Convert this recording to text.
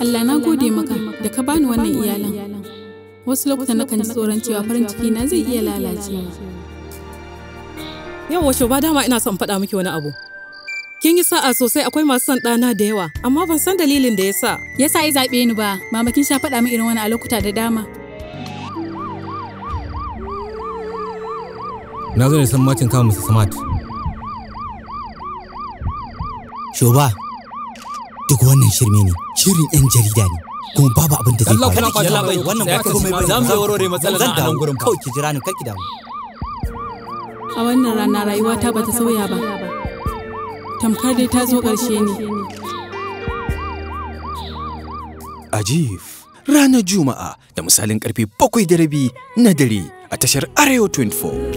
Allah na gode maka da ka bani wannan iyalan. Wasu lokuta na kan ji tsoron cewa farin ciki na zai iya lalacewa. Yau washe ba dama ina son faɗa miki wani abu. Kin yi sa'a sosai akwai masu son ɗana da yawa, amma ban san dalilin da ya sa. Ya sa ya zaɓe ni ba, mama kin sha faɗa min irin wani a lokuta da dama. Na zo da san macin kawo Mr. Smart. Shoba, duk wannan shirme ne shirin yan jarida ne kuma babu abin da zai faru kana fata labai wannan ba ka mai za mu warware matsalar a nan gurin kawai ki jira ni kaki damu a wannan rana rayuwa ta bata sauya ba tamkar dai ta zo ƙarshe ne ajif ranar juma'a da misalin karfe bakwai da rabi na dare a tashar arewa 24